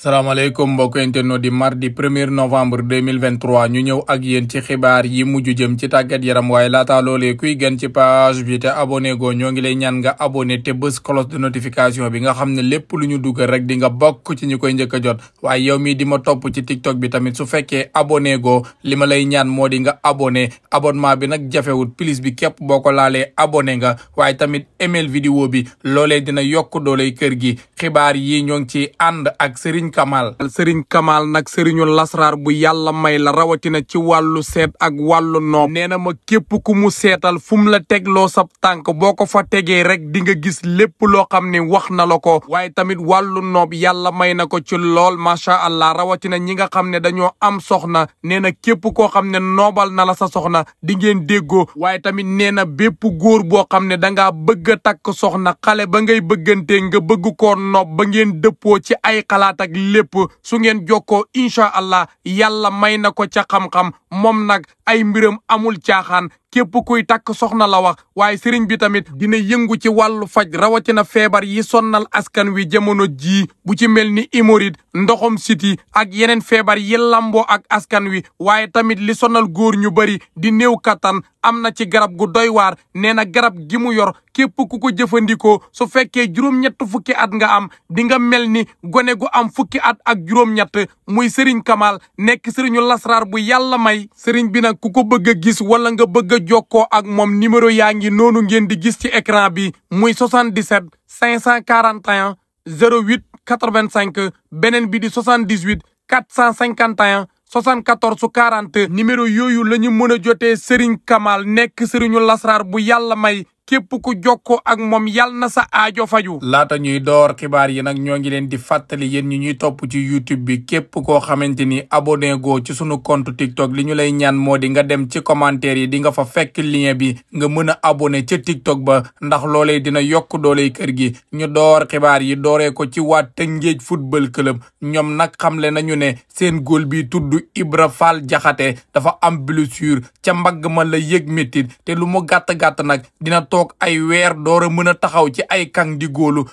salaamaaleykum mbokk internet di mardi premier novembre 2023 ñu ñëw ak yéen ci xibaar yi mujj jëm ci tàggat yaram waaye laata loolee kuy gën ci page bi te abonné go ñoo ngi lay ñaan nga abonné te bës cloche de notification bi nga xam ne lépp lu ñu dugal rek dinga nga bokk ci ñu koy njëkk a jot waaye yow mii di ma topp ci tiktok bi tamit su fekkee abonné go li ma lay ñaan moo di nga abonné abonnement bi nag jafewut plus bi képp boo ko laalee abonné nga waaye tamit email vidéo bi loolee dina yokk dooley kër gi xibaar yi ñoo ngi ci ànd ak Serigne Serigne Kamal Serigne Kamal nag Serigne lasraar bu yàlla may la rawatina ci wàllu seet ak wàllu noob nee na ma képp ku mu seetal fu mu la tegloo sab tànk boo ko fa tegee rek di nga gis lépp loo xam ne wax na la ko waaye tamit wàllu noob yàlla may na ko ci lool macha allah rawatina ñi nga xam ne dañoo am soxna nee na képp koo xam ne noobal na la sa soxna di ngeen déggoo waaye tamit nee na bépp boo xam ne da ngaa bëgg a takk soxna xale ba ngay bëggante nga bëgg koo lépp su ngeen jokkoo incha allah yàlla may na ko ca xamxam moom nag ay mbiram amul caaxaan képp kuy takk soxna la wax waaye sëriñ bi tamit dina yëngu ci wàllu faj rawatina feebar yi sonnal askan wi jamono ji bu ci mel ni hémorroïde ndoxom siti ak yeneen feebar yi lambo ak askan wi waaye tamit li sonal góor ñu bëri di néew kattan am na ci garab gu doywaar waar nee na garab gi mu yor képp ku ko jëfandikoo su fekkee juróom-ñett fukki at nga am dinga nga mel ni gone gu fukki at ak juróom-ñett muy Serigne Kamal nekk Serigne lasraar bu yàlla may Serigne bi nag ku ko bëgg gis wala nga bëgg jokkoo ak moom numéro yaa ngi noonu ngeen di gis ci écran bi muy 77 541 08 85 beneen bi di 78 451 74 40 numéro yooyu la ñu mën a jotee Serigne Kamal nekk Serigne lasraar bu yàlla may. képp ku jokkoo ak moom yal na sa aajo faju laata ñuy door xibaar yi nag ñoo ngi leen di fàttali yéen ñu ñuy topp ci youtube bi képp koo xamante ni abonné goo ci sunu compte tiktok li ñu lay ñaan moo di nga dem ci commentaire yi di nga fa fekk lien bi nga mën a abonné ca tiktok ba ndax loolee dina yokk dooley kër gi ñu door xibaar yi dooree ko ci waa Tëngéej football club ñoom nag xamle ñu ne seen góol bi tudd Ibra fal Jaxate dafa am blessure ca mbagg ma la yëg métit te lu mu gàtt-gàtt nag toog ay weer door a mën a taxaw ci ay kang di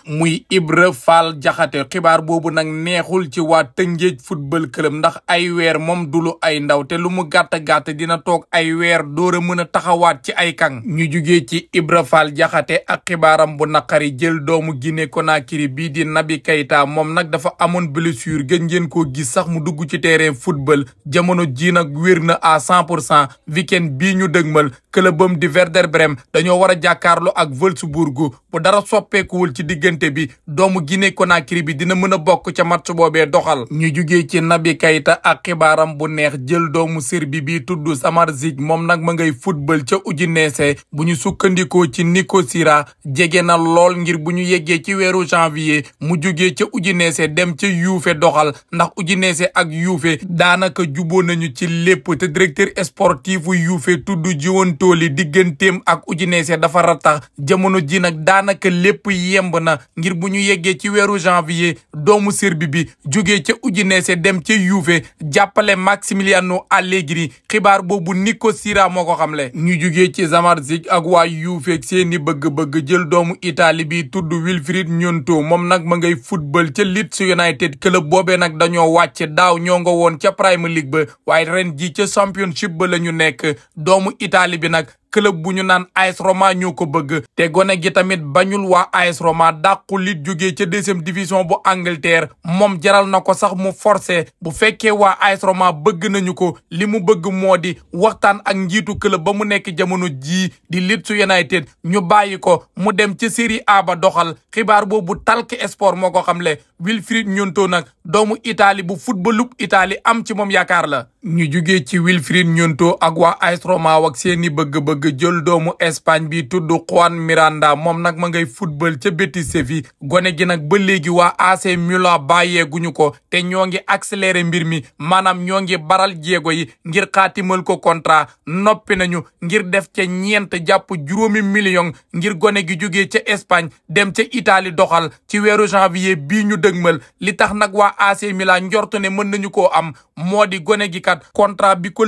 muy Ibra Fall Jaxate xibaar boobu nag neexul ci waat Tëngéej football club ndax ay weer moom du lu ay ndaw te lu mu gàtt-gàtt dina toog ay weer door a mën a taxawaat ci ay kang ñu jugee ci Ibra Fall Jaxate ak xibaaram bu naqari jël doomu Guinée Conakry bii di nabi Keita moom nag dafa amoon blessure gën ngeen koo gis sax mu dugg ci terrain football jamono ji nag wér na à cent pour cent weekend bii ñu dëgmal clubam jàkkaarloo ak Wolfsburg bu dara soppeekuwul ci diggante bi doomu Guinée Conakry bi dina mën a bokk ca match boobee doxal ñu jugee ci Naby Keita ak xibaaram bu neex jël doomu Serbie bi tudd Samardzic moom nag ma ngay football ca Udinese bu ñu sukkandikoo ci Nico Sira jege na lool ngir bu ñu yeggee ci weeru janvier mu jugee ca Udinese dem ca Juve doxal ndax Udinese ak Juve daanaka juboo nañu ci lépp te directeur sportif Juve tudd Giuntoli digganteem ak farata jamono ji nag daanaka lépp yemb na ngir bu ñu yeggee ci weeru janvier doomu Serbi bi jógee ca Udinese dem ca Juve jàppale Maximiliano Allegri xibaar boobu Nico Sira moo ko xamle. ñu jógee ci Zamalek ak waa Juve seeni bëgg-bëgg jël doomu itali bi tudd Wilfried Gnonto moom nag ma ngay football ca Leeds United club boobee nag dañoo wàcc daaw ñoo nga woon ca Premier League ba waaye ren ji ca championship ba ñu nekk doomu Italie bi nag. club bu ñu naan AS Roma ñoo ko bëgg te gone gi tamit bañul waa AS Roma dàqu lit jógee ca deuxième division bu Angleterre moom jaral na ko sax mu forcé bu fekkee waa AS Roma bëgg nañu ko li mu bëgg moo di waxtaan ak njiitu club ba mu nekk jamono ji di Leeds United ñu bàyyi ko mu dem ca Serie A doxal xibaar boobu Talk Sport moo xam xamle Wilfried Gnonto nag doomu Italie bu footballub Italie am ci moom yaakaar la ñu jugee ci Wilfried Gnonto ak waa AS Roma ak bëgg jël doomu Espagne bi tudd Juan Miranda moom nag ma ngay football ca Betis Séville gone gi nag ba léegi waa AC Milan bàyyeeguñu ko te ñoo ngi accéléré mbir mi maanaam ñoo ngi baral jéego yi ngir xaatimal ko contrat noppi nañu ngir def ca ñeent jàpp juróomi million ngir gone gi jógee ca Espagne dem ca itali doxal ci weeru janvier bii ñu dëgmal li tax nag waa AC milla njortu ne mën nañu koo am moo gone gi kat contrat bi ko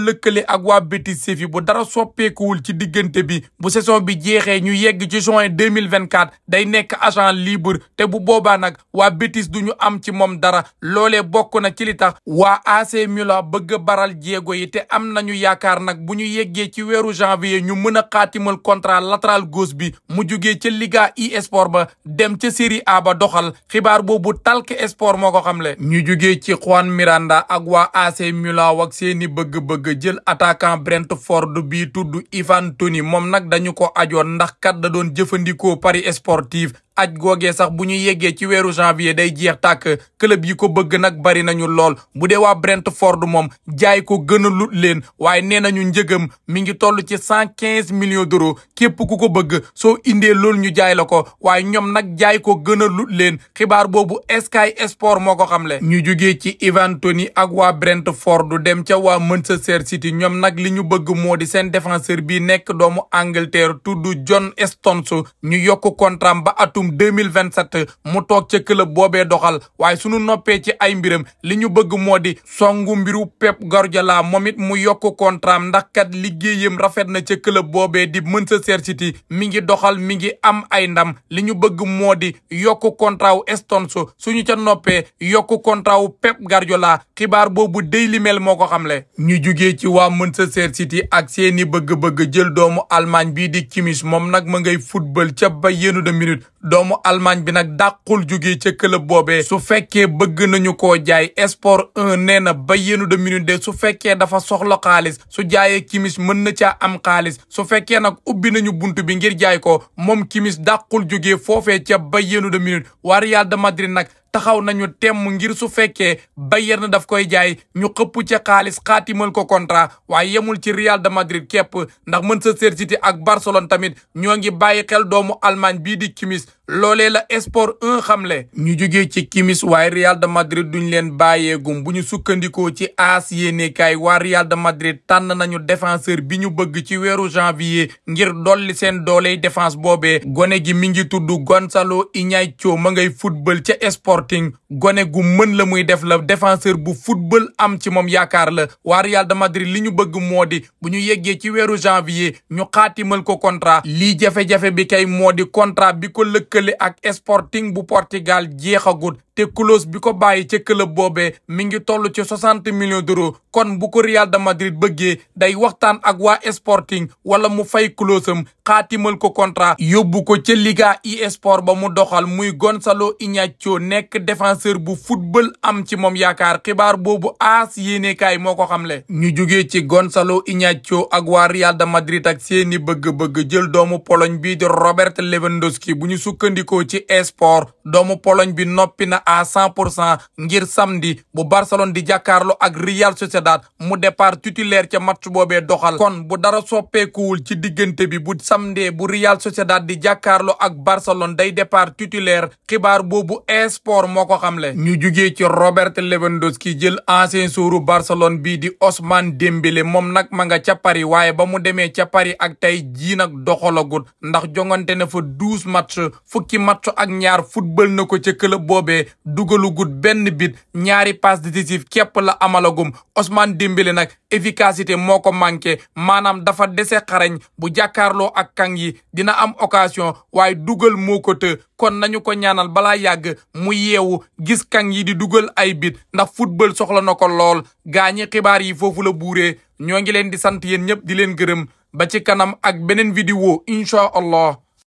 ak waa Betis Séville dara soppeekuwul ci digg diggante bi bu saison bi jeexee ñu yegg ci juin deux mille vingt quatre day nekk agent libre te bu boobaa nag waa bitis du ñu am ci moom dara loole bokk na ci li tax waa AC Milan bëgg baral jéego yi te am nañu yaakaar nag bu ñu yeggee ci weeru janvier ñu mën a xaatimal contrat latéral gauche bi mu jugee ca Liga e-sport ba dem ca Serie A ba doxal xibaar boobu Talk Sport moo xam xamle. ñu joge ci Juan Miranda ak waa AC Milan seeni bëgg-bëgg jël attaquant Brentford bi tudd Ivan Anthony moom nag dañu ko ajoon ndax kat da doon jëfandikoo paris sportif aj googee sax bu ñu yeggee ci weeru janvier day jeex tàkk club yi ko bëgg nag bari nañu lool bu dee waa Brentford moom jaay ko gën a lut leen waaye nee nañu njëgam mi ngi toll ci cent quinze millions d'euros képp ku ko bëgg soo indee loolu ñu jaay la ko waaye ñoom nag jaay ko gën a lut leen xibaar boobu Sky Sport moo ko xamle. ñu jugee ci Ivan Toney ak waa Brentford dem ca waa Manchester City ñoom nag li ñu bëgg moo di seen défenseur bi nekk doomu Angleterre tudd John Stones ñu yokk atum mille vingt sept mu toog ca club boobee doxal waaye sunu noppee ci ay mbiram li ñu bëgg moo di songu mbiru Pep Guardiola moom it mu yokk contraam ndax kat liggéeyam rafet na ca club boobee di Manchester City mi ngi doxal mi ngi am ay ndam li ñu bëgg moo di yokk contrat wu Stones suñu ca noppee yokk contrat pep garjo la xibaar boobu Daily Mail moo ko xam xamle. ñu jugee ci waa Manchester City ak seeni bëgg-bëgg jël doomu Allemagne bii di Kimmich moom nag ma ngay football ca Bayern de Munich doomu Allemagne bi nag dàqul jógee ca club boobee su fekkee bëgg nañu ko jaay sport 1 nee na Bayern de Munich de su fekkee dafa soxla xaalis su jaayee kimis mën na caa am xaalis su fekkee nag ubbi nañu bunt bi ngir jaay ko moom kimis dàqul jógee foofee ca Bayern de Munich waa Real Madrid nag taxaw nañu temm ngir su fekkee na daf koy jaay ñu xëpp ca xaalis mën ko contrat waaye yemul ci Real de Madrid kepp ndax mën Manchester City ak Barcelone tamit ñoo ngi bàyyi xel doomu Allemagne bii di Kimmich loolee la sport 1 xamle ñu jógee ci Kimmich waaye Real de Madrid duñ leen bàyyeegum bu ñu sukkandikoo ci AS yéenekaay waa Real de Madrid tànn nañu defenseur bi ñu bëgg ci weeru janvier ngir dolli seen dooley défense boobee gone gi mi ngi tudd Gonçalo Iñárritu ma ngay football ca sport Sporting gone gu mën la muy def la défenseur bu football am ci moom yaakaar la waa Real de Madrid li ñu bëgg moo di bu ñu yeggee ci weeru janvier ñu xaatimal ko contra li jafe-jafe bi kay moo di contrat bi ko lëkkale ak Sporting bu Portugal jeexagut te clause bi ko bàyyi ca club boobee mi ngi toll ci soixante millions d'euros kon bu ko Real de Madrid bëggee day waxtaan ak waa Sporting wala mu fay clause am ko contrat yóbbu ko ca Liga e Sport ba mu doxal muy Gonçalo nekk défenseur bu football am ci moom yaakaar xibaar boobu aas yéenekaay moo ko xamle. ñu jugee ci Gonzalo Ignacio ak waa Real de Madrid ak seeni bëgg-bëgg jël doomu Pologne bi di Robert Lewandowski bu ñu sukkandikoo ci esport doomu Pologne bi noppi na à cent pour cent ngir samedi bu Barcelone di jàkkaarloo ak Real Sociedad mu départ titulaire ca match boobee doxal. kon bu dara soppeekuwul ci diggante bi bu samedi bu Real Sociedad di jàkkaarloo ak Barcelone day départ titulaire xibaar boobu sport moo ko xamle ñu juge ci Robert Lewandowski jël ancien suuru Barcelone bii di Ousmane Dembélé moom nag ma nga ca Paris waaye ba mu demee ca Paris ak tey jii nag doxalagut ndax jongante na fa douze match fukki match ak ñaar football na ko ca club boobee dugalugut benn bit ñaari passe décisive képp la amalagum Ousmane Dembélé nag efficacité moo ko manqué maanaam dafa dese xarañ bu jàkkaarloo ak kang yi dina am occasion waaye dugal moo ko të kon nañu ko ñaanal balaa yàgg mu yeewu gis kang yi di dugal ay bit ndax football soxla na ko lool gaañi xibaar yi foofu la buuree ñoo ngi leen di sant yéen ñëpp di leen gërëm ba ci kanam ak beneen vidéo incha allah